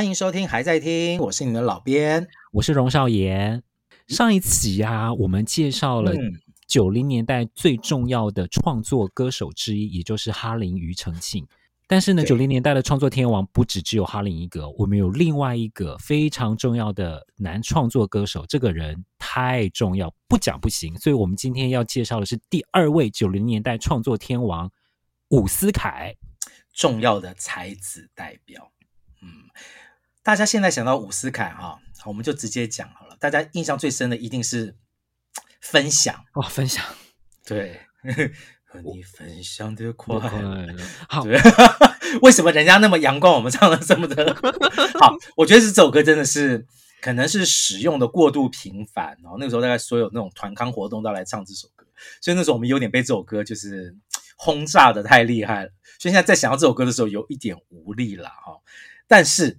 歡迎收聽，還在聽，我是你的老編，我是榮少言。上一期呀、啊，嗯、我們介紹了九零年代最重要的創作歌手之一，也就是哈林庾澄慶。但是呢，九零對年代的創作天王不只只有哈林一個，我們有另外一個非常重要的男創作歌手，這個人太重要，不講不行。所以我們今天要介紹的是第二位九零年代創作天王伍思凱，重要的才子代表。嗯。大家現在想到伍思凱哈，我們就直接講好了。大家印象最深的一定是分享哦，分享對，和你分享的快樂。我對，好 為什麼人家那麼陽光，我們唱了這麼的好？我覺得是這首歌真的是，可能是使用的過度頻繁，然後那個時候大概所有那種團康活動都要來唱這首歌，所以那時候我們有點被這首歌就是轟炸的太厲害了。所以現在在想到這首歌的時候，有一點無力了哈、哦。但是。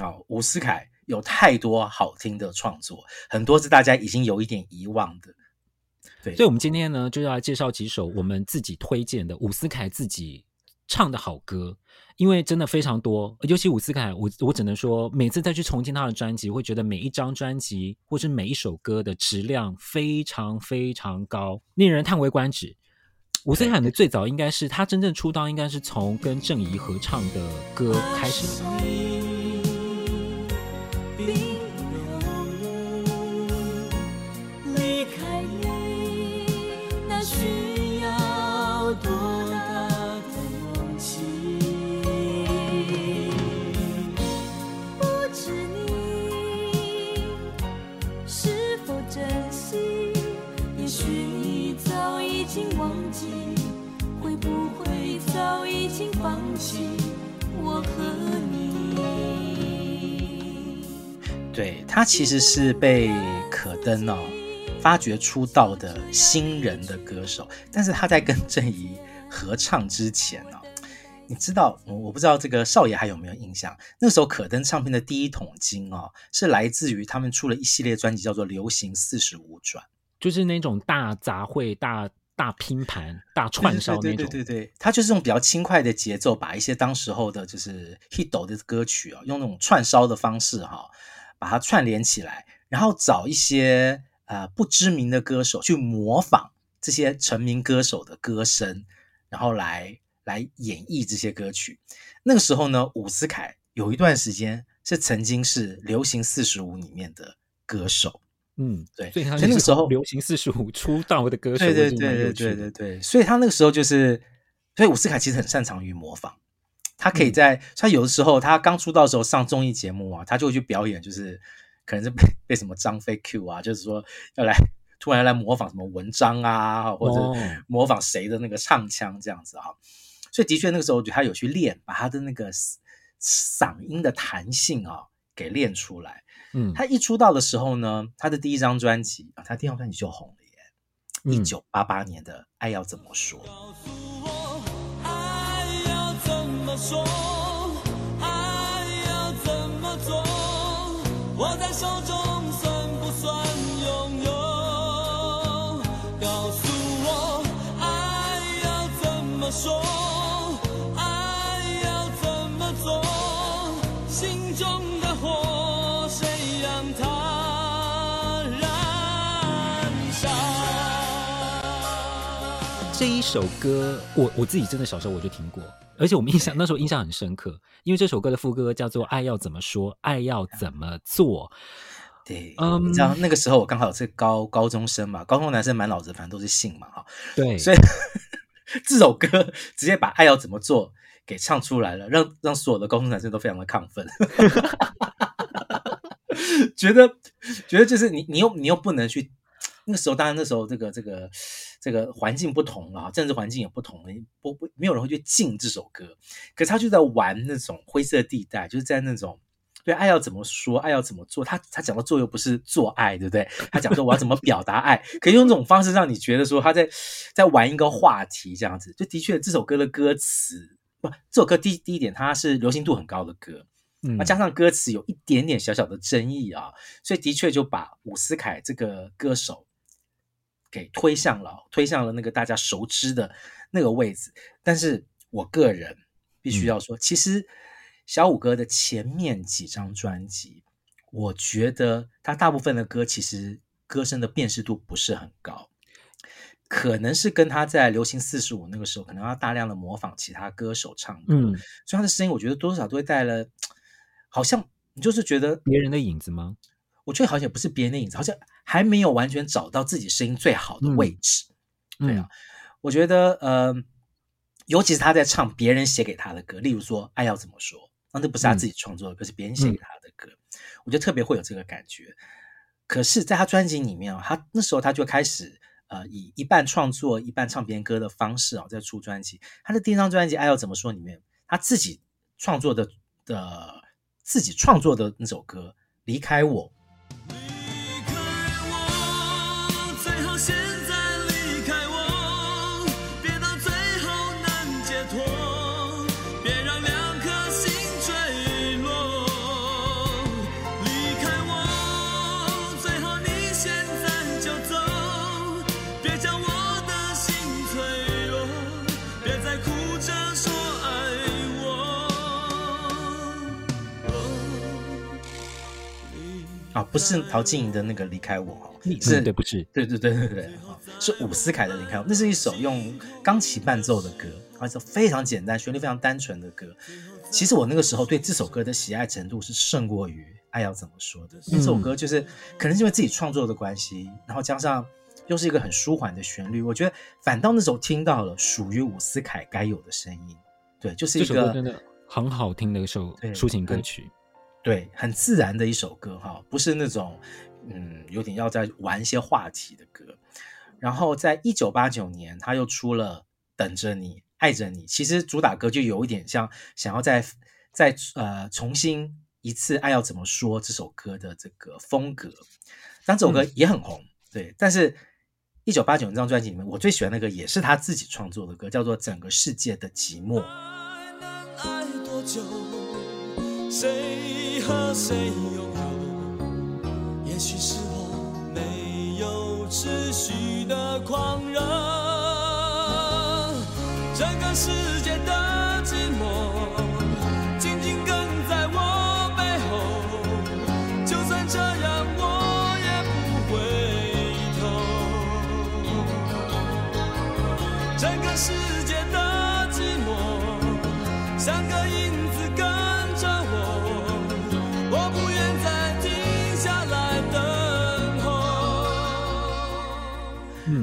啊，伍思凱有太多好聽的創作，很多是大家已經有一點遺忘的。對，所以，我們今天呢，就要介紹幾首我們自己推薦的伍思凱自己唱的好歌，因為真的非常多。尤其伍思凱，我我只能說，每次再去重聽他的專輯，會覺得每一張專輯或是每一首歌的質量非常非常高，令人嘆為觀止。伍思凱的最早應該是他真正出道，應該是從跟鄭怡合唱的歌開始。對，他其實是被可登哦發掘出道的新人的歌手，但是他在跟鄭怡合唱之前哦，你知道我不知道這個少爺還有沒有印象？那時候可登唱片的第一桶金哦，是來自於他們出了一系列專輯，叫做《流行四十五轉》，就是那種大雜燴、大大拼盤、大串燒的那種。對，對對對對，他就是這種比較輕快的節奏，把一些當時候的就是 hit 的歌曲啊、哦，用那種串燒的方式哈、哦。把它串聯起來，然後找一些呃不知名的歌手去模仿這些成名歌手的歌聲，然後來來演繹這些歌曲。那個時候呢，伍思凱有一段時間是曾經是流行四十五裡面的歌手。嗯，對。所以他那個時候，流行四十五出道的歌手的，對對，對對對對對對。所以他那個時候就是，所以伍思凱其實很擅長於模仿。他可以在，嗯、他有的時候，他剛出道的時候上綜藝節目啊，他就會去表演，就是可能是被被什麼張飛 Q 啊，就是說要來突然要來模仿什麼文章啊，或者模仿誰的那個唱腔這樣子啊。所以的確那個時候，我覺得他有去練，把他的那個嗓音的彈性啊、哦、給練出來。嗯，他一出道的時候呢，他的第一張專輯啊，他第一張專輯就紅了耶，一九八八年的《愛要怎麼說》。說愛要怎麼做？握在手中。這一首歌，我我自己真的小時候我就聽過，而且我們印象對那時候印象很深刻，因為這首歌的副歌叫做“愛要怎麼說，愛要怎麼做”。對，你知道那個時候我剛好是高高中生嘛，高中男生滿腦子的反正都是性嘛，哈，對，所以 這首歌直接把“愛要怎麼做”給唱出來了，讓讓所有的高中男生都非常的亢奮， 覺得覺得就是你你又你又不能去，那個時候當然那時候這個這個。這個環境不同了，啊，政治環境也不同了，不不沒有人會去禁這首歌，可是他就在玩那種灰色地帶，就是在那種對，愛要怎麼說，愛要怎麼做，他他講的做又不是做愛，對不對？他講說我要怎麼表達愛， 可以用這種方式讓你覺得說他在在玩一個話題這樣子，就的確這首歌的歌詞不，這首歌第一第一點它是流行度很高的歌，那、嗯、加上歌詞有一點點小小的爭議啊，所以的確就把伍思凱這個歌手，給推向了推向了那個大家熟知的那個位置，但是我個人必須要說，嗯、其實小伍哥的前面幾張專輯，我覺得他大部分的歌其實歌聲的辨識度不是很高，可能是跟他在流行四十五那個時候，可能要大量的模仿其他歌手唱歌，嗯、所以他的聲音我覺得多少都會帶了，好像你就是覺得別人的影子嗎？我覺得好像也不是別人的影子，好像還沒有完全找到自己聲音最好的位置。嗯、對啊，嗯、我覺得，呃，尤其是他在唱別人寫給他的歌，例如說《愛要怎麼說》啊，那都不是他自己創作的歌，嗯、是別人寫給他的歌。我覺得特別會有這個感覺。嗯、可是，在他專輯裡面啊，他那時候他就開始呃，以一半創作、一半唱別人歌的方式啊，在出專輯。他的第一張專輯《愛要怎麼說》裡面，他自己創作的的、呃、自己創作的那首歌《離開我》。不是陶晶瑩的那個離開我，你是，嗯、對不起，對對對對對，是伍思凱的離開我。那是一首用鋼琴伴奏的歌，而且非常簡單，旋律非常單純的歌。其實我那個時候對這首歌的喜愛程度是勝過於《愛要怎麼說的》這、嗯、首歌，就是可能是因為自己創作的關係，然後加上又是一個很舒緩的旋律，我覺得反倒那時候聽到了屬於伍思凱該有的聲音。對，就是一個真的很好聽的一首抒情歌曲。對，很自然的一首歌哈，不是那種，嗯，有點要在玩一些話題的歌。然後在一九八九年，他又出了《等着你，愛着你》。其實主打歌就有一點像想要再再呃重新一次《愛要怎麼說》這首歌的這個風格。但這首歌也很紅，嗯、對。但是一九八九年這張專輯裡面，我最喜歡的歌也是他自己創作的歌，叫做《整個世界的寂寞》。愛能愛多久誰和誰擁有？也許是我沒有持續的狂熱，整個世界。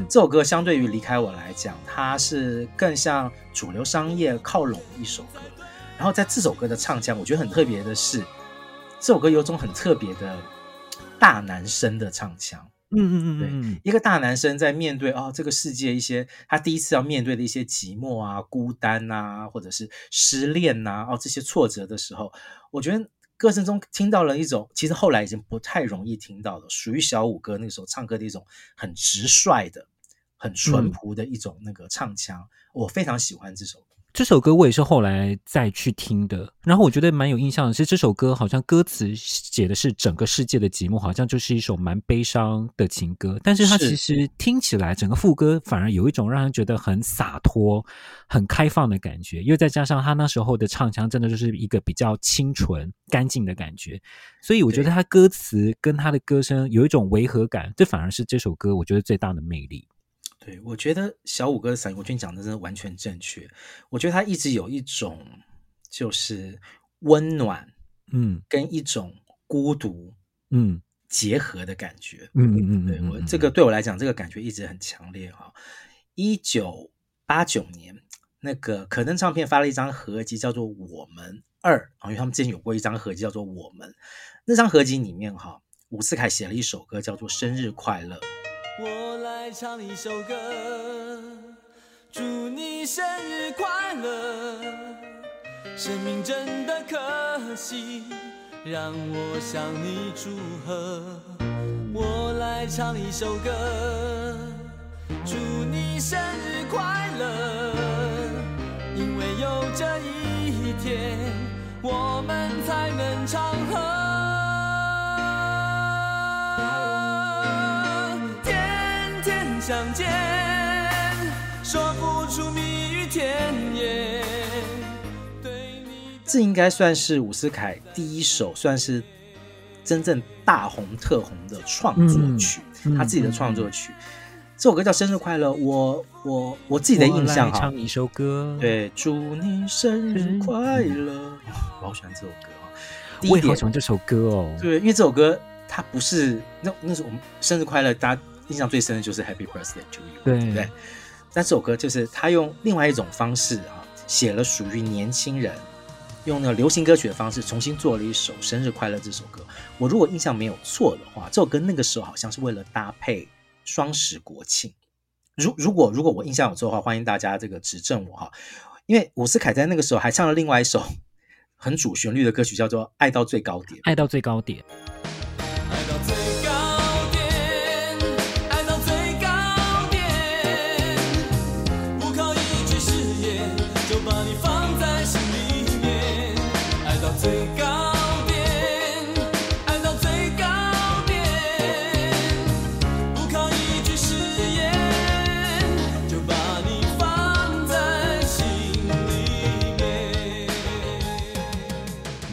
這首歌相對於《離開我》來講，它是更像主流商業靠攏的一首歌。然後在這首歌的唱腔，我覺得很特別的是，這首歌有一種很特別的大男生的唱腔。嗯，嗯嗯嗯，對，一個大男生在面對哦這個世界一些他第一次要面對的一些寂寞啊、孤單啊，或者是失戀吶、啊、哦這些挫折的時候，我覺得歌聲中聽到了一種其實後來已經不太容易聽到了，屬於小伍哥那個時候唱歌的一種很直率的。很淳樸的一種那個唱腔，嗯、我非常喜歡這首歌。這首歌我也是後來再去聽的，然後我覺得蠻有印象的是，這首歌好像歌詞寫的是整個世界的寂寞，好像就是一首蠻悲傷的情歌。但是它其實聽起來，整個副歌反而有一種讓人覺得很灑脫、很開放的感覺，因為再加上他那時候的唱腔，真的就是一個比較清純、嗯、乾淨的感覺。所以我覺得他歌詞跟他的歌聲有一種違和感，對這反而是這首歌我覺得最大的魅力。對，我覺得小伍哥的嗓音，我覺得講的真的完全正確。我覺得他一直有一種就是溫暖，嗯，跟一種孤獨，嗯，結合的感覺。嗯嗯，對我這個，對我來講，這個感覺一直很強烈哈、哦。一九八九年，那個可登唱片發了一張合輯叫做《我們二》，然、哦、後因為他們之前有過一張合輯叫做《我們》，那張合輯裡面哈、哦，伍思凱寫了一首歌叫做《生日快樂》。我來唱一首歌，祝你生日快樂。生命真的可惜，讓我向你祝賀。我來唱一首歌，祝你生日快樂。因為有這一天，我們才能唱和。相見說不出，蜜語甜言。這應該算是伍思凱第一首算是真正大紅特紅的創作曲，嗯嗯、他自己的創作曲。嗯嗯、這首歌叫《生日快樂》，我我我自己的印象哈。唱一首歌，對，祝你生日快樂。嗯、我好喜歡這首歌啊！我也好喜歡這首歌哦。對，因為這首歌它不是那那是我們生日快樂，大家。印象最深的就是《Happy Birthday to You 對》，對不對？那這首歌就是他用另外一種方式啊，寫了屬於年輕人用那個流行歌曲的方式重新做了一首《生日快樂》這首歌。我如果印象沒有錯的話，這首歌那個時候好像是為了搭配雙十國慶。如如果如果我印象有錯的話，歡迎大家這個指正我哈、啊。因為伍思凱在那個時候還唱了另外一首很主旋律的歌曲，叫做《愛到最高點》。愛到最高點。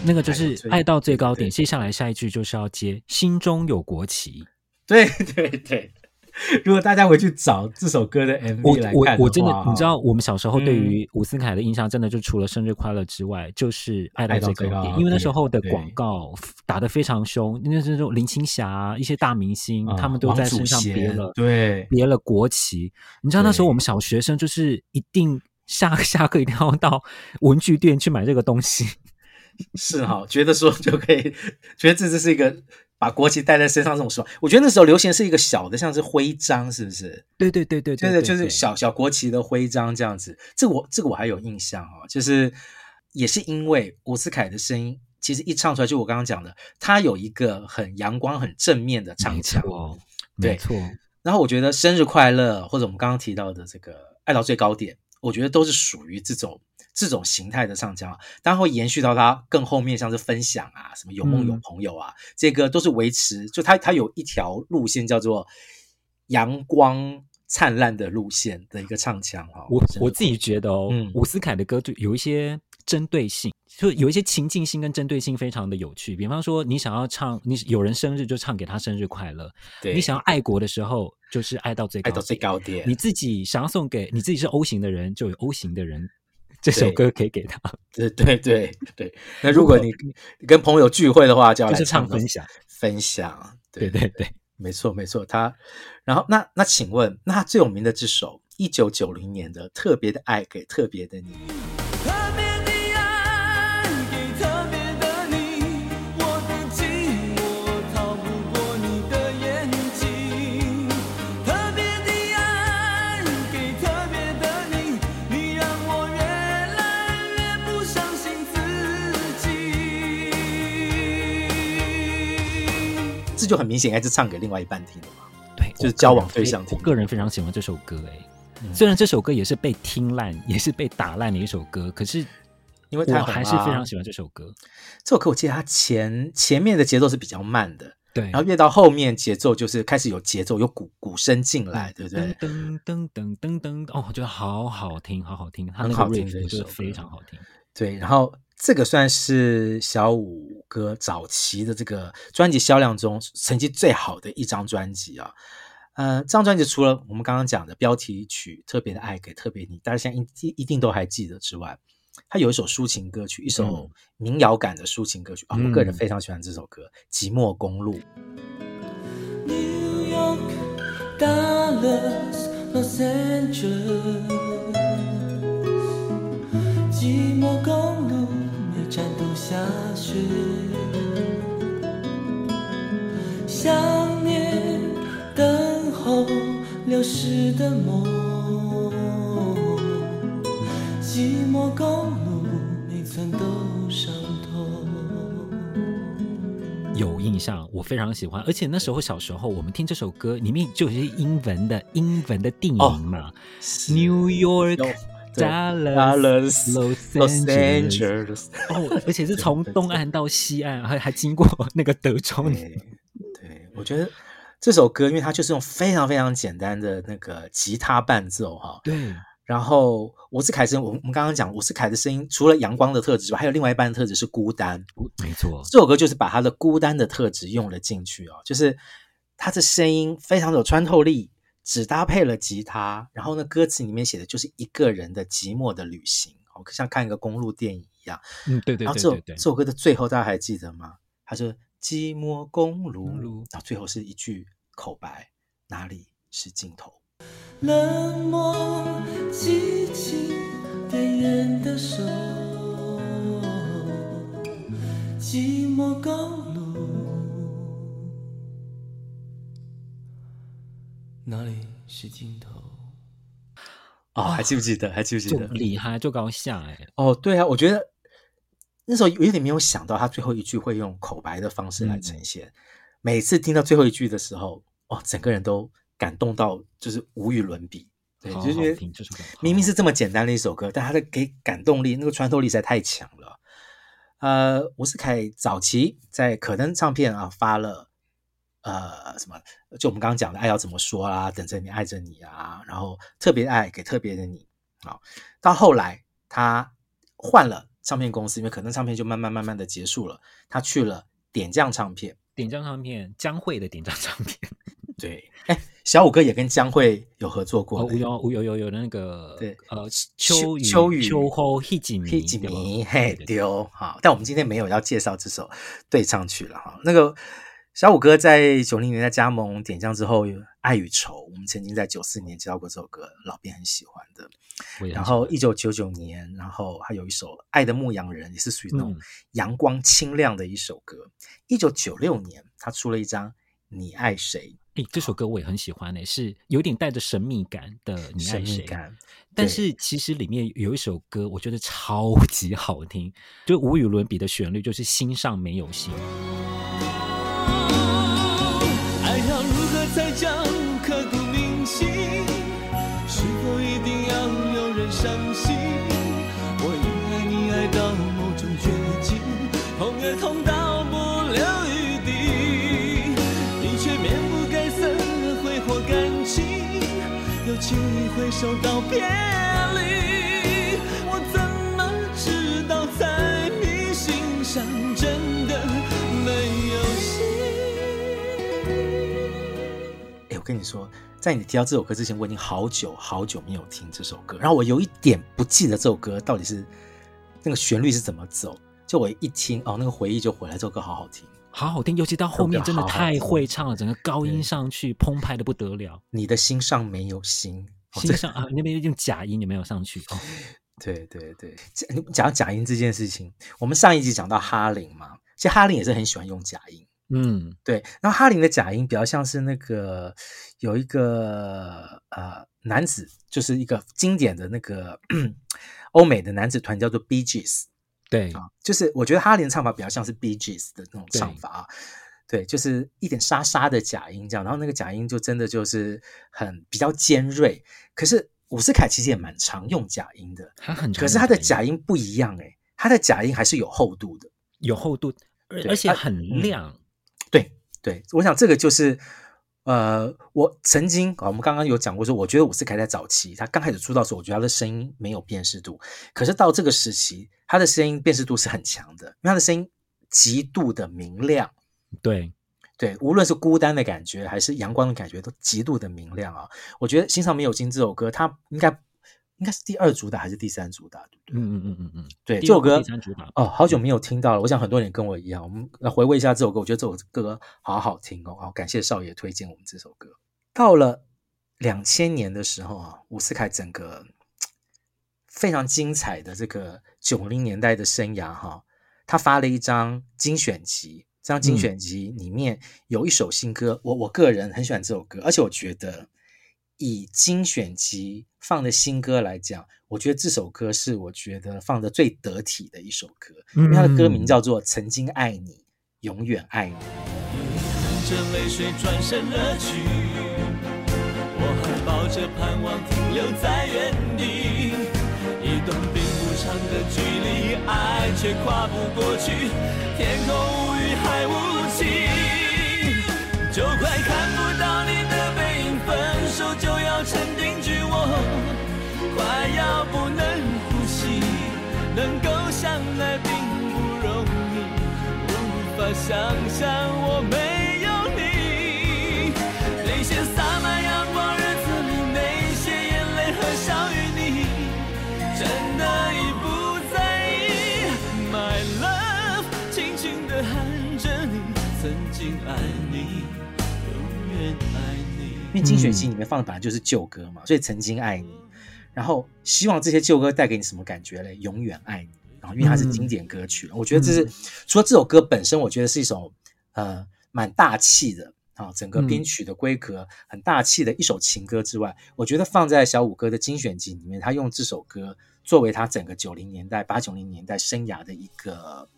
那個就是愛到最高點，接下來下一句就是要接心中有國旗。對對對、對、對、對、對、對，如果大家回去找這首歌的 MV 來看的話，我、我真的你知道我們小時候對於伍思凱的印象，真的就除了生日快樂之外，就是愛、愛到最高點。因為那時候的廣告打得非常凶，那那種林青霞一些大明星，啊、他們都在身上別了，對，別了國旗。你知道那時候我們小學生就是一定下下課一定要到文具店去買這個東西。 是哈、哦，覺得說就可以，覺得這就是一個把國旗戴在身上這種說。我覺得那時候流行是一個小的，像是徽章，是不是？對對對對，對對對對，對對就，就是小小國旗的徽章這樣子。這個、我這個我還有印象哦，就是也是因為伍思凱的聲音，其實一唱出來，就我剛剛講的，他有一個很陽光、很正面的唱腔，沒錯。對沒錯。然後我覺得生日快樂，或者我們剛剛提到的這個愛到最高點，我覺得都是屬於這種。這種形態的唱腔，當然會延續到它更後面，像是分享啊，什麼有夢有朋友啊，嗯、這個都是維持。就它它有一條路線叫做陽光燦爛的路線的一個唱腔、哦、我我自己覺得哦，伍思、嗯、凱的歌就有一些針對性，就有一些情境性跟針對性非常的有趣。比方說，你想要唱，你有人生日就唱給他生日快樂。對你想要愛國的時候，就是愛到最高，最高點。你自己想要送給你自己是 O 型的人，就有 O 型的人。這首歌可以給他，對對對對，對。那如果你跟朋友聚會的話就要，就是唱分享，分享。對對，對對，沒錯沒錯。他，然後那那，那請問那他最有名的這首一九九零年的《特別的愛給特別的你》。就很明顯，應該是唱給另外一半聽的嘛。對，就是交往對象聽的。我個人非常喜歡這首歌誒、欸，嗯、雖然這首歌也是被聽爛、也是被打爛的一首歌，可是因為我還是非常喜歡這首歌。啊、這首歌我記得他前前面的節奏是比較慢的，對，然後越到後面節奏就是開始有節奏，有鼓鼓聲進來，對不對？噔噔噔噔噔，噔噔噔噔噔，哦，我覺得好好聽，好好聽，它、嗯、那個 rap 非常好聽，好聽，對，然後。這個算是小伍哥早期的這個專輯銷量中成績最好的一張專輯啊，呃，這張專輯除了我們剛剛講的標題曲《特別的愛給特別你》，大家現在一一,一定都還記得之外，他有一首抒情歌曲，一首民謠感的抒情歌曲啊、嗯哦，我個人非常喜歡這首歌《嗯、寂寞公路》。山都下雪，想念等候流逝的夢，寂寞公路每寸都傷透。有印象，我非常喜歡，而且那時候小時候我們聽這首歌，裡面就有些英文的英文的地名嘛 New York。Yo. d Dallas, a Dallas, Los Angeles，Los Angeles、oh, 而且是從東岸到西岸，還 對還經過那個德州。對，我覺得這首歌，因為它就是用非常非常簡單的那個吉他伴奏哈、哦。對。然後伍思凱聲，我我們剛剛講伍思凱的聲音，除了陽光的特質之外，還有另外一半特質是孤單。沒錯。這首歌就是把他的孤單的特質用了進去哦，就是他的聲音非常有穿透力。只搭配了吉他，然後呢，歌詞裡面寫的就是一個人的寂寞的旅行，哦，像看一個公路電影一樣。嗯，對對對，對，對，對。然後這首這首歌的最後，大家還記得嗎？他說寂寞公路，嗯、然後最後是一句口白：哪裡是盡頭？冷漠、嗯，激情點燃的手，寂寞公。哪裡是盡頭？哦，還記不記得？還記不記得？就、哦、厲害，就剛下來。哦，對啊，我覺得那時候我有點沒有想到，他最後一句會用口白的方式來呈現。嗯、每次聽到最後一句的時候，哦，整個人都感動到就是無與倫比。對，對就是覺得，明明是這麼簡單的一首歌，但他的給感動力，那個穿透力實在太強了。呃，伍思凱早期在可登唱片啊發了。呃，什麼？就我們剛剛講的愛要怎麼說啦、啊？等着你，愛着你啊！然後特別愛給特別的你啊！到後來他換了唱片公司，因為可能唱片就慢慢慢慢的結束了。他去了點將唱片，點將唱片江蕙的點將唱片。對，對欸、小伍哥也跟江蕙有合作過、哦。有有有有那個對，呃，秋雨秋雨秋雨，一季泥嘿丟。雨好，但我們今天沒有要介紹這首對唱曲了哈，那個。小伍哥在九零年在加盟點將之後，《愛與愁》，我們曾經在九四年接到過這首歌，老編很喜歡的。歡，然後一九九九年，然後還有一首《愛的牧羊人》，也是屬於那種陽光清亮的一首歌。一九九六年，他出了一張《你愛誰》欸，這首歌我也很喜歡、欸，呢，是有點帶着神秘感的。你愛誰，神秘感，但是其實裡面有一首歌，我覺得超級好聽，對就無與倫比的旋律，就是《心上沒有心》。痛到不留餘地，你卻面不改色的揮霍感情，又輕易揮手道別離。我怎麼知道在你心上真的沒有心？哎、欸，我跟你說，在你提到這首歌之前，我已經好久好久沒有聽這首歌，然後我有一點不記得這首歌到底是那個旋律是怎麼走。就我一聽哦，那個回憶就回來。這首歌好好聽，好好聽，尤其到後面真的太會唱了，好好整個高音上去對澎湃的不得了。你的心上沒有心，心上、哦、啊，那邊用假音你沒有上去。哦、對對對，講假音這件事情，我們上一集講到哈林嘛，其實哈林也是很喜歡用假音。嗯，對。然後哈林的假音比較像是那個有一個呃男子，就是一個經典的那個歐美的男子團，叫做 Bee Gees。對啊，就是我覺得哈林唱法比較像是 Bee Gees 的那種唱法。啊，對，對，就是一點沙沙的假音這樣，然後那個假音就真的就是很比較尖銳。可是伍思凱其實也蠻常用假音的，他很，可是他的假音不一樣誒、欸，他的假音還是有厚度的，有厚度，對而且很亮。嗯、對對，我想這個就是。呃，我曾經，我們剛剛有講過說說我覺得伍思凱在早期，他剛開始出道的時候，我覺得他的聲音沒有辨識度，可是到這個時期，他的聲音辨識度是很強的，因為他的聲音極度的明亮，對，對，無論是孤單的感覺還是陽光的感覺，都極度的明亮啊，我覺得心上《沒有金這首歌，他應該。應該是第二主打還是第三主打？嗯嗯嗯嗯嗯，對，這首歌哦，好久沒有聽到了。嗯、我想很多人跟我一樣，我們來回味一下這首歌。我覺得這首歌好好聽哦，好、哦、感謝少爺推薦我們這首歌。到了兩千年的時候啊，伍思凱整個非常精彩的這個九零年代的生涯哈，他發了一張精選集，這張精選集裡面有一首新歌，嗯、我我個人很喜歡這首歌，而且我覺得。以精選集放的新歌來講，我覺得這首歌是我覺得放的最得體的一首歌，因為它的歌名叫做曾經愛你永遠愛你。你含着淚水轉身而去，我還抱着盼望停留在原地，一段並不長的距離，愛卻跨不過去，天空無語海無情，就快看不我想象我沒有你，那些灑滿陽光日子，那些眼淚和笑與你，真的已不在意。My love，輕輕的喊着你，曾經愛你，永遠愛你。因為精選集裡面放的本來就是舊歌嘛，所以曾經愛你，然後希望這些舊歌帶給你什麼感覺呢？永遠愛你。因為它是經典歌曲，嗯、我覺得這是、嗯、除了這首歌本身，我覺得是一首呃蠻大氣的啊，整個編曲的規格很大氣的一首情歌之外，嗯、我覺得放在小伍哥的精選集裡面，他用這首歌作為他整個九零年代八九零年代生涯的一個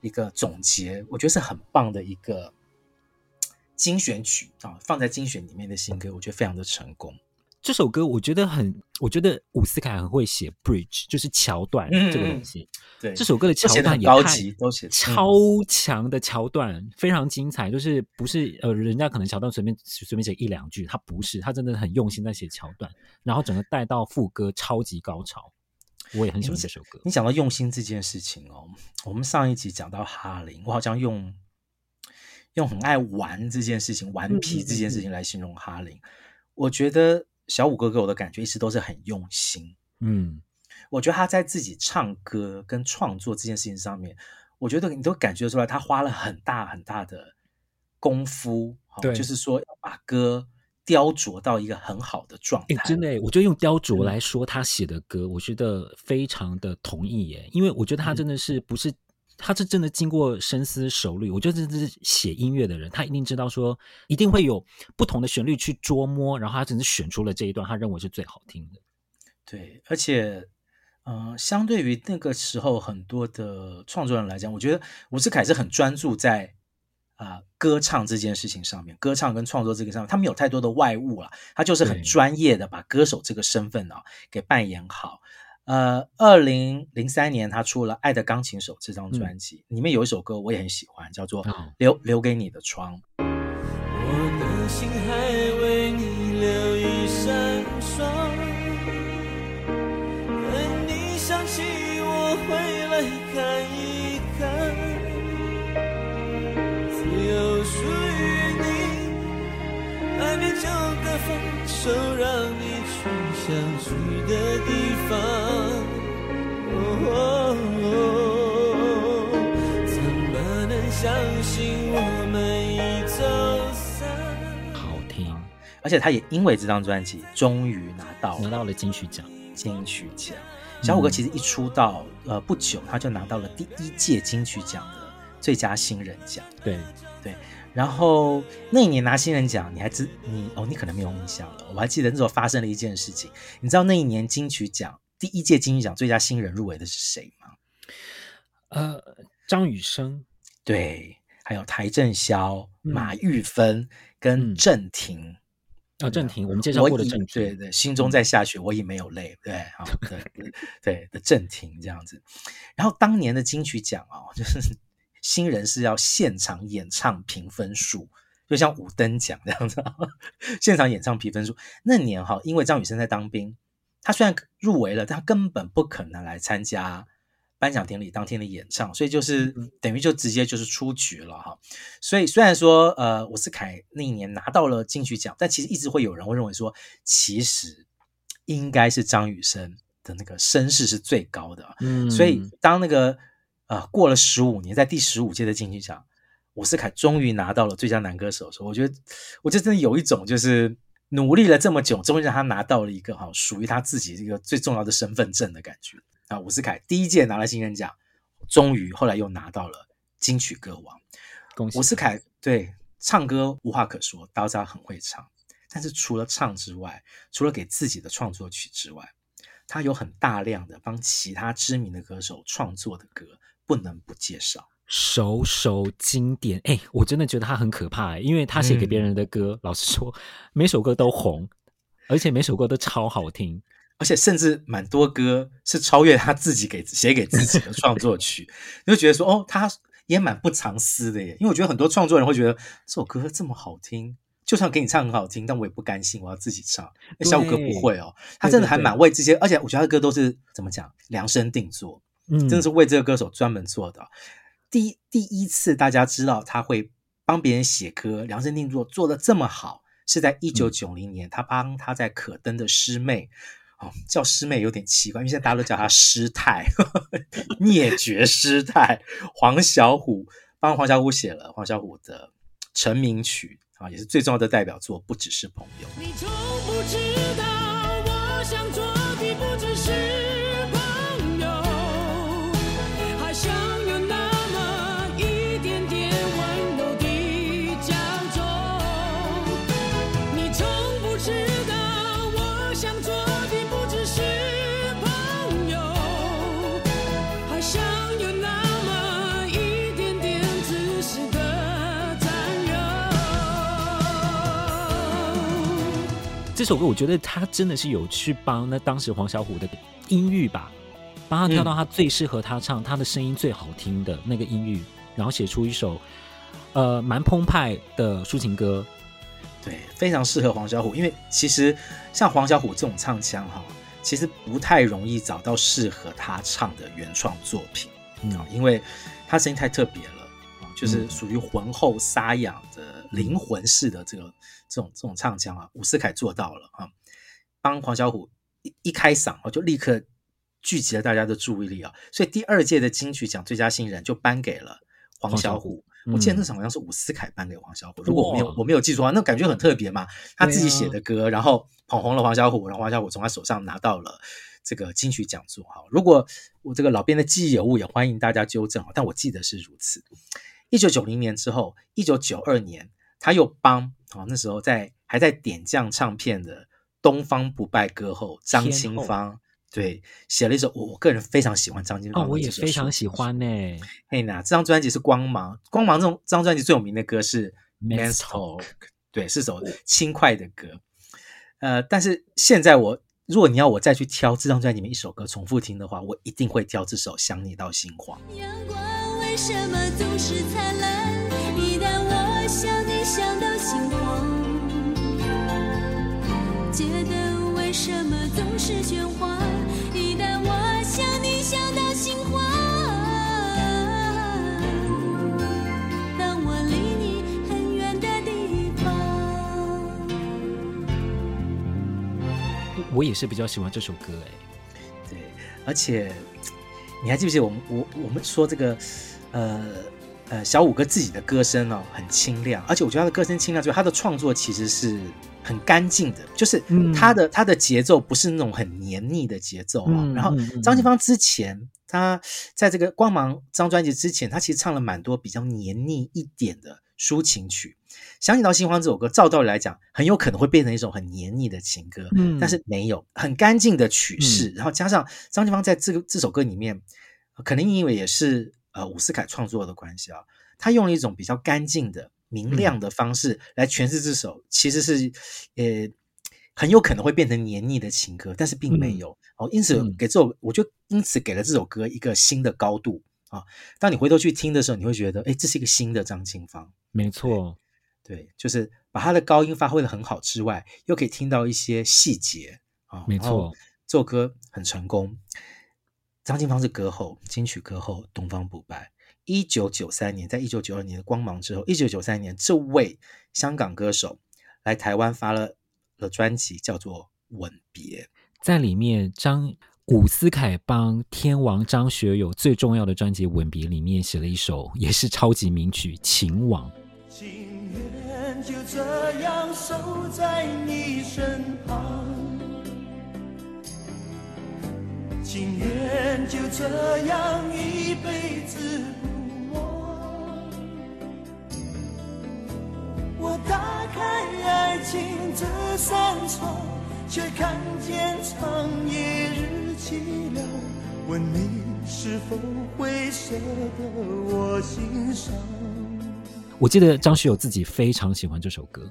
一個總結，我覺得是很棒的一個精選曲啊，放在精選裡面的新歌，我覺得非常的成功。這首歌我覺得很，我覺得伍思凱很會寫 bridge，就是橋段嗯嗯，這個東西。對，這首歌的橋段也都寫很高級，都寫很高級，超強的橋段非常精彩，嗯、就是不是呃，人家可能橋段隨便隨便寫一兩句，他不是，他真的很用心在寫橋段，嗯、然後整個帶到副歌超級高潮。我也很喜歡這首歌你。你講到用心這件事情哦，我們上一集講到哈林，我好像用用很愛玩這件事情、頑皮這件事情來形容哈林，嗯、我覺得。小伍哥給我的感覺一直都是很用心，嗯，我覺得他在自己唱歌跟創作這件事情上面，我覺得你都感覺出來，他花了很大很大的功夫對、哦，就是說要把歌雕琢到一個很好的狀態。真的，我覺得用雕琢來說他寫的歌，的我覺得非常的同意耶，因為我覺得他真的是不是、嗯。他是真的經過深思熟慮，我覺得這是寫音樂的人，他一定知道說一定會有不同的旋律去捉摸，然後他只是選出了這一段他認為是最好聽的。對，而且，嗯、呃、相對於那個時候很多的創作人來講，我覺得伍思凱是很專注在啊、呃、歌唱這件事情上面，歌唱跟創作這個上面，他沒有太多的外物了，他就是很專業的把歌手這個身份呢、啊、對給扮演好。呃，二零零三年他出了《愛的鋼琴手》這張專輯，嗯、裡面有一首歌我也很喜歡，叫做《留留給你的窗》。嗯嗯。我的心還為你留一扇窗，等你想起我回來看一看。自由屬於你，愛戀就該放手，讓你去想去的地方。而且他也因為這張專輯，終於拿到了金曲獎。金曲獎，小伍哥其實一出道，嗯、呃，不久他就拿到了第一屆金曲獎的最佳新人獎。對對，然後那一年拿新人獎，你還知你哦？你可能沒有印象了。我還記得那時候發生了一件事情，你知道那一年金曲獎第一屆金曲獎最佳新人入圍的是誰嗎？呃，張雨生，對，還有邰正宵、馬玉芬跟鄭廷、嗯嗯叫鄭、哦、庭，我們介紹過的鄭庭，對對，心中在下雪，我已沒有淚，對，好，對，對的，鄭庭這樣子。然後當年的金曲獎啊、哦，就是新人是要現場演唱，評分數，就像五燈獎這樣子，現場演唱評分數。那年哈、哦，因為張雨生在當兵，他雖然入圍了，但他根本不可能來參加。頒獎典禮當天的演唱，所以就是等於就直接就是出局了哈。所以雖然說呃伍思凱那一年拿到了金曲獎，但其實一直會有人會認為說，其實應該是張雨生的那個聲勢是最高的。嗯，所以當那個啊、呃、過了十五年，在第十五屆的金曲獎，伍思凱終於拿到了最佳男歌手的時候，我覺得，我就真的有一種就是努力了這麼久，終於讓他拿到了一個哈屬於他自己一個最重要的身份證的感覺。啊，伍思凱第一屆拿了新人獎，終於後來又拿到了金曲歌王。恭喜伍思凱！對，唱歌無話可說，刀刀很會唱。但是除了唱之外，除了給自己的創作曲之外，他有很大量的幫其他知名的歌手創作的歌，不能不介紹。首首經典，哎，我真的覺得他很可怕，因為他寫給別人的歌，嗯、老實說，每首歌都紅，而且每首歌都超好聽。而且甚至蠻多歌是超越他自己給寫給自己的創作曲，你會 覺得說哦，他也蠻不藏私的耶。因為我覺得很多創作人會覺得這首歌這麼好聽，就算給你唱很好聽，但我也不甘心，我要自己唱。對欸、小五哥不會哦，他真的還蠻為這些，對對對，而且我覺得他的歌都是怎麼講，量身定做，真的是為這個歌手專門做的。嗯、第一第一次大家知道他會幫別人寫歌，量身定做做做得這麼好，是在一九九零年，嗯、他幫他在可登的師妹。哦、叫師妹有點奇怪，因為現在大家都叫她師太，呵呵呵，滅絕師太。黃小琥幫黃小琥寫了黃小琥的成名曲啊，哦，也是最重要的代表作，不只是朋友。你從不不知道，我想做的不只是。這首歌我覺得他真的是有去幫那當時黃小琥的音域吧，幫他跳到他最適合他唱，他的聲音最好聽的那個音域，然後寫出一首呃蠻澎湃的抒情歌。對，非常適合黃小琥，因為其實像黃小琥這種唱腔哈，啊，其實不太容易找到適合他唱的原創作品啊，嗯哦，因為他聲音太特別了，就是屬於渾厚沙啞的靈魂式的這個。這種這種唱腔啊，伍思凱做到了啊！幫黃小琥一一開嗓，就立刻聚集了大家的注意力啊！所以第二屆的金曲獎最佳新人就頒給了黃小琥。小琥我記得那場好像是伍思凱頒給黃小琥，嗯、如果我沒有我沒有記錯啊，那感覺很特別嘛！哇他自己寫的歌，然後捧紅了黃小琥，然後黃小琥從他手上拿到了這個金曲獎座哈、啊！如果我這個老編的記憶有誤，也歡迎大家糾正啊！但我記得是如此。一九九零年之後，一九九二年他又幫。好、哦，那時候在還在點將唱片的東方不敗歌后張清芳，後對，寫了一首我我個人非常喜歡張清芳、哦、我也非常喜歡呢、欸。嘿，那、hey、這張專輯是光芒《光芒》，《光芒》這張專輯最有名的歌是《Man's Talk》對，是首輕快的歌。我呃，但是現在我，如果你要我再去挑這張專輯裡面一首歌重複聽的話，我一定會挑這首《想你到心慌》。陽光為什麼總是我也是比較喜歡這首歌哎、欸，對，而且你還記不記得我們我我們說這個，呃呃，小伍哥自己的歌聲哦，很清亮，而且我覺得他的歌聲清亮，就是他的創作其實是很乾淨的，就是他的、嗯、他的節奏不是那種很黏膩的節奏啊。嗯、然後張清芳之前他在這個《光芒》張專輯之前，他其實唱了蠻多比較黏膩一點的抒情曲，想起到心慌，這首歌，照道理來講，很有可能會變成一種很黏膩的情歌，嗯，但是沒有很乾淨的曲式，嗯、然後加上張清芳在這個這首歌裡面，可能因為也是呃伍思凱創作的關係啊，他用了一種比較乾淨的、明亮的方式來詮釋這首，嗯、其實是呃很有可能會變成黏膩的情歌，但是並沒有，嗯、哦，因此給這首，嗯、我就因此給了這首歌一個新的高度。啊、哦！當你回頭去聽的時候，你會覺得，哎，這是一個新的張清芳。沒錯，對，對，就是把她的高音發揮得很好之外，又可以聽到一些細節啊。哦、沒錯，這首歌很成功。張清芳是歌後，金曲歌後，東方不敗。一九九三年，在一九九二年的光芒之後，一九九三年，這位香港歌手來台灣發了了專輯，叫做《吻別》。在裡面，張。伍思凱幫天王張學友最重要的專輯吻別裡面寫了一首也是超級名曲情網。情願就這樣守在你身旁，情願就這樣一輩子不忘，我打開愛情這扇窗卻看見長夜日淒涼，問你是否會捨得我心傷。我記得張學友自己非常喜歡這首歌，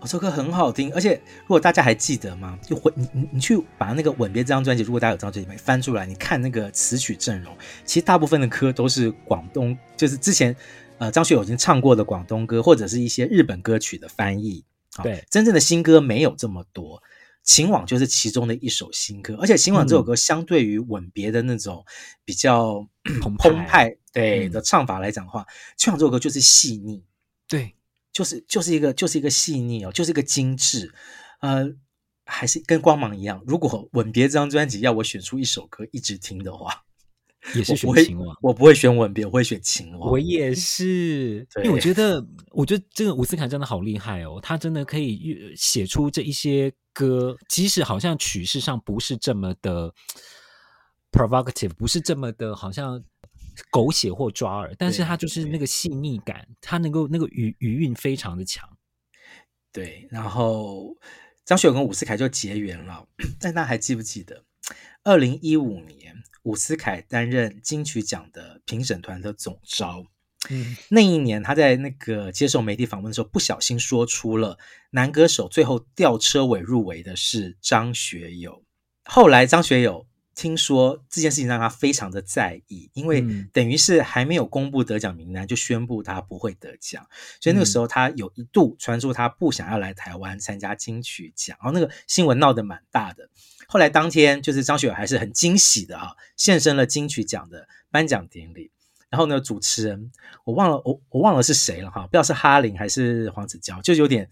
哦、這首歌很好聽。而且，如果大家還記得嗎？就會，你你你去把那個《吻別》這張專輯，如果大家有這張專輯沒翻出來，你看那個詞曲陣容，其實大部分的歌都是廣東，就是之前呃張學友已經唱過的廣東歌，或者是一些日本歌曲的翻譯。哦、對，真正的新歌沒有這麼多。情網就是其中的一首新歌，而且情網這首歌相對於《吻別》的那種比較澎湃對的唱法來講的話，嗯嗯、情網這首歌就是細膩，對，就是就是一個就是一個細膩哦，就是一個精緻，呃，還是跟光芒一樣。如果《吻別》這張專輯要我選出一首歌一直聽的話。也是選情網我，不我不會選吻別，我會選情網。我也是，對因為我覺得，我覺得這個伍思凱真的好厲害哦，他真的可以寫出這一些歌，即使好像曲式上不是這麼的 provocative，不是這麼的好像狗血或抓耳，但是他就是那個細膩感，對對對，他能夠那個餘餘韻非常的強。對，然後張學友跟伍思凱就結緣了，但大家還記不記得？二零一五年。伍思凱擔任金曲獎的評審團的總召，嗯，那一年他在那個接受媒體訪問的時候，不小心說出了男歌手最後吊車尾入圍的是張學友。後來張學友。聽說這件事情讓他非常的在意，因為等於是還沒有公布得獎名單，就宣布他不會得獎，所以那個時候他有一度傳出他不想要來台灣參加金曲獎，嗯，然後那個新聞鬧得蠻大的。後來當天，就是張學友還是很驚喜的啊，現身了金曲獎的頒獎典禮。然後呢，主持人我忘了，我我忘了是誰了哈，不知道是哈林還是黃子佼，就有點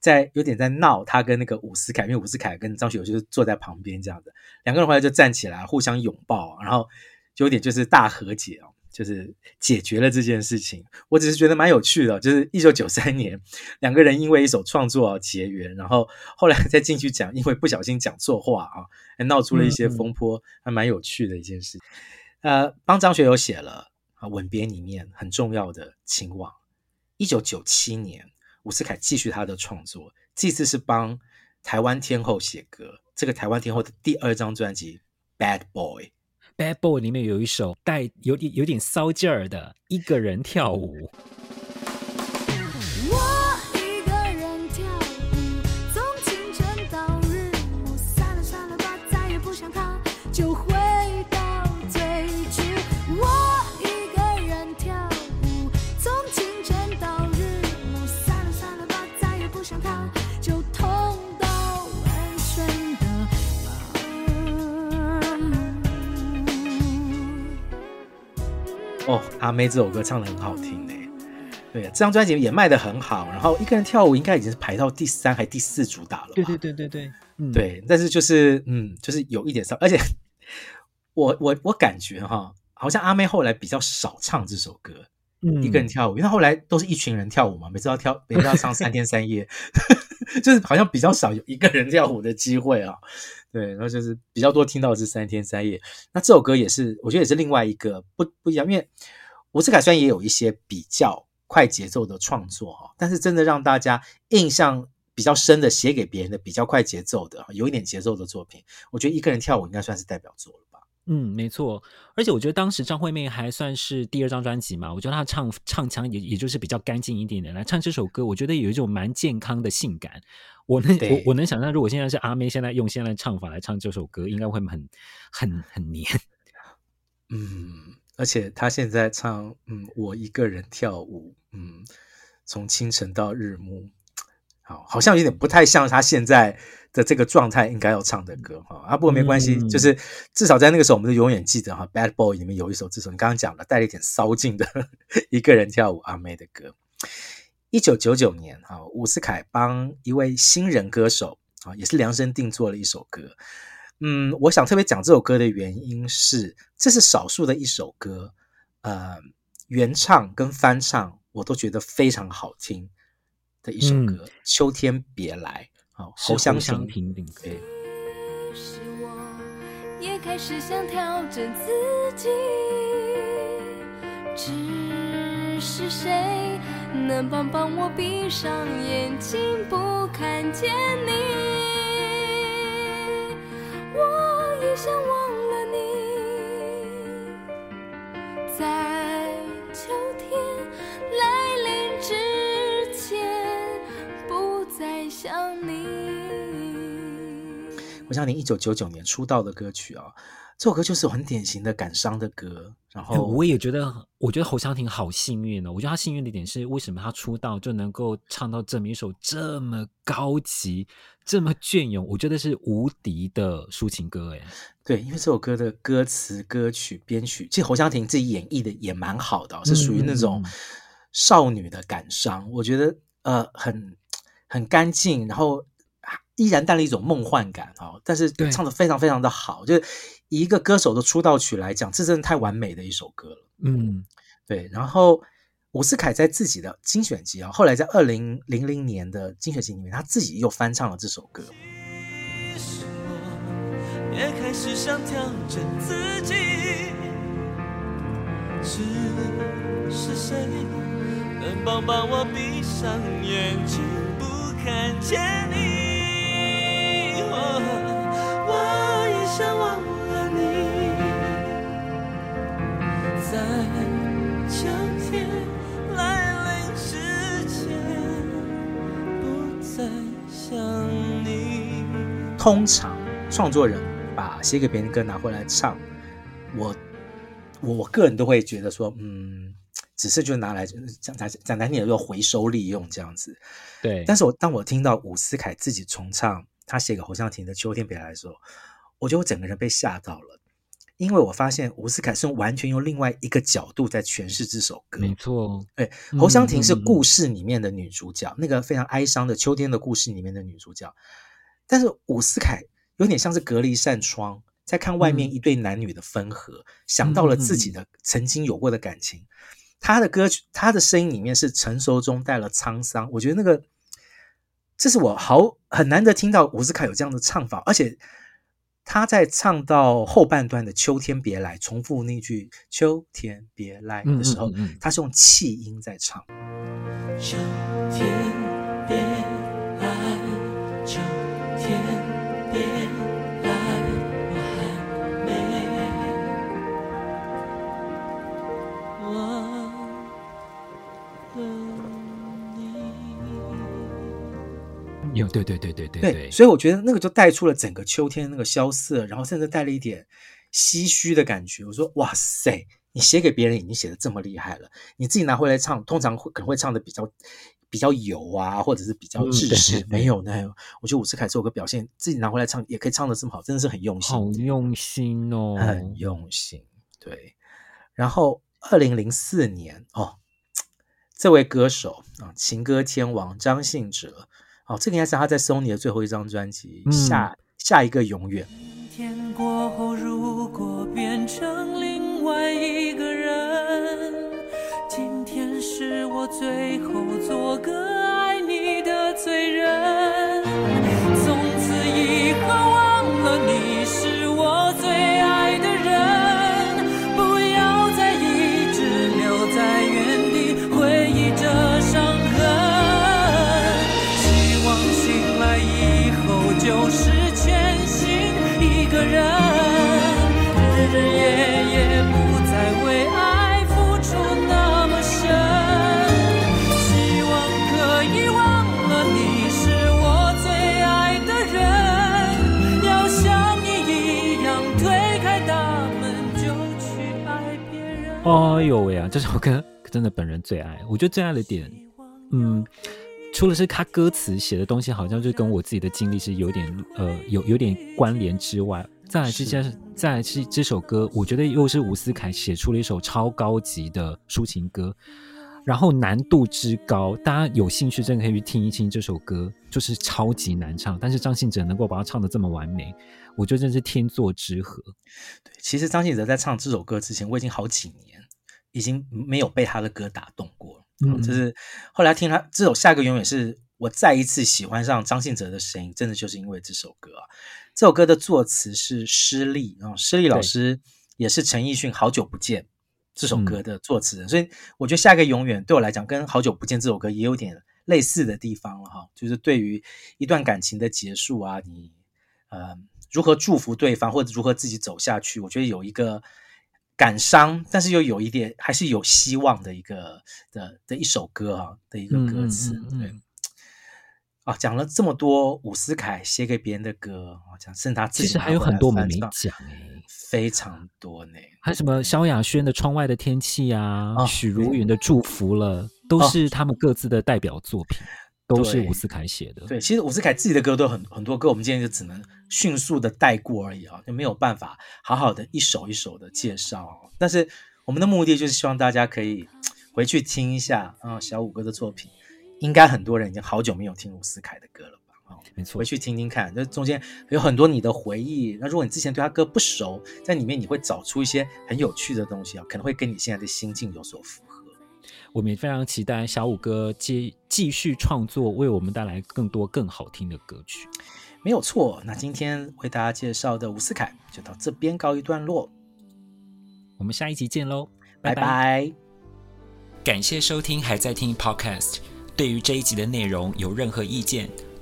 在有點在鬧，他跟那個伍思凱，因為伍思凱跟張學友就是坐在旁邊這樣的，兩個人後來就站起來互相擁抱，然後就有點就是大和解哦，就是解決了這件事情。我只是覺得蠻有趣的，就是一九九三年兩個人因為一首創作結緣，然後後來再進去講，因為不小心講錯話啊，還鬧出了一些風波，嗯嗯還蠻有趣的一件事情。呃，幫張學友寫了，吻別裡面很重要的情網。一九九七年，伍思凱繼續他的創作，這次是幫台灣天后寫歌。這個台灣天後的第二張專輯《Bad Boy》，《Bad Boy》裡面有一首帶有，有點有點騷勁兒的一個人跳舞。阿妹這首歌唱得很好聽嘞、欸，對，這張專輯也賣得很好。然後一個人跳舞應該已經是排到第三還是第四主打了吧。對對對對對，嗯、對。但是就是嗯，就是有一點少，而且我我我感覺哈、哦，好像阿妹後來比較少唱這首歌《嗯、一個人跳舞》，因為後來都是一群人跳舞嘛，每次要跳每次要唱三天三夜， 就是好像比較少有一個人跳舞的機會啊、哦。對，然後就是比較多聽到的是三天三夜。那這首歌也是，我覺得也是另外一個不不一樣，因為。伍思凱雖然也有一些比較快節奏的創作哈，但是真的讓大家印象比較深的，寫給別人的比較快節奏的，有一點節奏的作品，我覺得《一個人跳舞》應該算是代表作了吧？嗯，沒錯。而且我覺得當時張惠妹還算是第二張專輯嘛，我覺得她唱唱腔也也就是比較乾淨一點的。來唱這首歌，我覺得有一種蠻健康的性感。我能對我我能想象，如果現在是阿妹，現在用現在的唱法來唱這首歌，應該會很很很黏。嗯。而且他現在唱，嗯，我一個人跳舞，嗯，從清晨到日暮，好，好像有點不太像他現在的這個狀態應該要唱的歌哈。啊，不過沒關係，嗯嗯嗯，就是至少在那個時候，我們都永遠記得哈，《Bad Boy》裡面有一首這首你剛剛講的帶了一點騷勁的一個人跳舞阿、啊、妹的歌。一九九九年哈，伍思凱幫一位新人歌手啊，也是量身定做了一首歌。嗯，我想特別講這首歌的原因是，這是少數的一首歌，呃，原唱跟翻唱我都覺得非常好聽的一首歌，嗯，《秋天別來》哦。好，侯湘婷。看見你。我想忘了你，在秋天來臨之前，不再想你。我想你一九九九年出道的歌曲啊、哦。這首歌就是很典型的感傷的歌，然後、欸、我也覺得，我覺得侯湘婷好幸運呢、哦。我覺得她幸運的一點是，為什麼她出道就能夠唱到這麼一首這麼高級、這麼雋永，我覺得是無敵的抒情歌誒。哎，對，因為這首歌的歌詞、歌曲、編曲，其實侯湘婷自己演繹的也蠻好的、哦，是屬於那種少女的感傷。嗯、我覺得呃，很很乾淨，然後依然帶了一種夢幻感哦。但是唱得非常非常的好，對就是。以一個歌手的出道曲來講，這真的太完美的一首歌了。嗯，對，然後伍思凱在自己的精選集啊，後來在二零零零年的精選集裡面，他自己又翻唱了這首歌。其實我也開始想挑戰自己，是是誰能幫幫我，閉上眼睛不看見你、哦、我也想忘我在秋天來臨之前，不再想你。通常創作人把寫給別人的歌拿回來唱，我我我個人都會覺得說，嗯，只是就拿來講講，講難聽點就回收利用這樣子。對，但是我當我聽到伍思凱自己重唱他寫給侯湘婷的《秋天別來》的時候，我覺得我整個人被嚇到了。因為我發現伍思凱是完全用另外一個角度在詮釋這首歌，沒錯。對，嗯、侯湘婷是故事裡面的女主角，嗯嗯、那個非常哀傷的秋天的故事裡面的女主角。但是伍思凱有點像是隔了一扇窗，在看外面一對男女的分合，嗯、想到了自己的曾經有過的感情。嗯嗯、他的歌曲，他的聲音裡面是成熟中帶了滄桑，我覺得那個，這是我好很難得聽到伍思凱有這樣的唱法，而且。他在唱到後半段的“秋天別來”，重複那句“秋天別來”的時候，嗯嗯嗯他是用氣音在唱。秋天別來。有對對對對對對,對,對,對，所以我覺得那個就帶出了整個秋天那個蕭瑟，然後甚至帶了一點唏噓的感覺。我說：“哇塞，你寫給別人已經寫的這麼厲害了，你自己拿回來唱，通常會可能會唱的比較比較油啊，或者是比較制式，嗯、對對對沒有呢。”我覺得伍思凱這首歌表現，自己拿回來唱也可以唱的這麼好，真的是很用心，好用心哦，很用心。對，然後二零零四年哦，這位歌手啊，情歌天王張信哲。好，這個應該是他在 Sony 的最後一張專輯，嗯、下下一個永遠。今天過後，如果變成另外一個人，今天是我最後做個愛你的罪人，從此以後忘了你哎、哦、呦喂啊！這首歌真的本人最愛，我覺得最愛的點，嗯，除了是他歌詞寫的東西好像就跟我自己的經歷是有點呃有有點關聯之外，再來是這些，是再來是這首歌，我覺得又是伍思凱寫出了一首超高級的抒情歌。然後難度之高，大家有興趣真的可以去聽一聽這首歌，就是超級難唱。但是張信哲能夠把它唱得這麼完美，我覺得真是天作之合。對，其實張信哲在唱這首歌之前，我已經好幾年已經沒有被他的歌打動過就嗯，嗯就是後來他聽他這首下一個永遠是我再一次喜歡上張信哲的聲音，真的就是因為這首歌啊。這首歌的作詞是施立，啊、嗯，施立老師也是陳奕迅對好久不見。這首歌的作詞，嗯、所以我覺得下一個永遠對我來講，跟好久不見這首歌也有點類似的地方哈、啊，就是對於一段感情的結束啊，你呃如何祝福對方，或者如何自己走下去，我覺得有一個感傷，但是又有一點還是有希望的一個的的一首歌哈、啊、的一個歌詞。嗯嗯嗯、對，啊，講了這麼多伍思凱寫給別人的歌，我、啊、講剩他自己 ans, 其實還有很多沒講誒非常多呢，還有什麼蕭亞軒的《窗外的天氣》啊呀、哦，許茹芸的《祝福》了，都是他們各自的代表作品，哦、都是伍思凱寫的對。對，其實伍思凱自己的歌都很很多歌，我們今天就只能迅速的帶過而已啊、哦，就沒有辦法好好的一首一首的介紹、哦。但是我們的目的就是希望大家可以回去聽一下啊、哦，小五哥的作品，應該很多人已經好久沒有聽伍思凱的歌了。哦，沒錯，回去聽聽看，那中間有很多你的回憶。那如果你之前對他歌不熟，在裡面你會找出一些很有趣的東西啊，可能會跟你現在的心境有所符合。我們也非常期待小五哥繼繼續創作，為我們帶來更多更好聽的歌曲。沒有錯，那今天為大家介紹的伍思凱就到這邊告一段落，我們下一集見嘍，拜拜。拜拜。感謝收聽，還在聽 Podcast，對於這一集的內容有任何意見，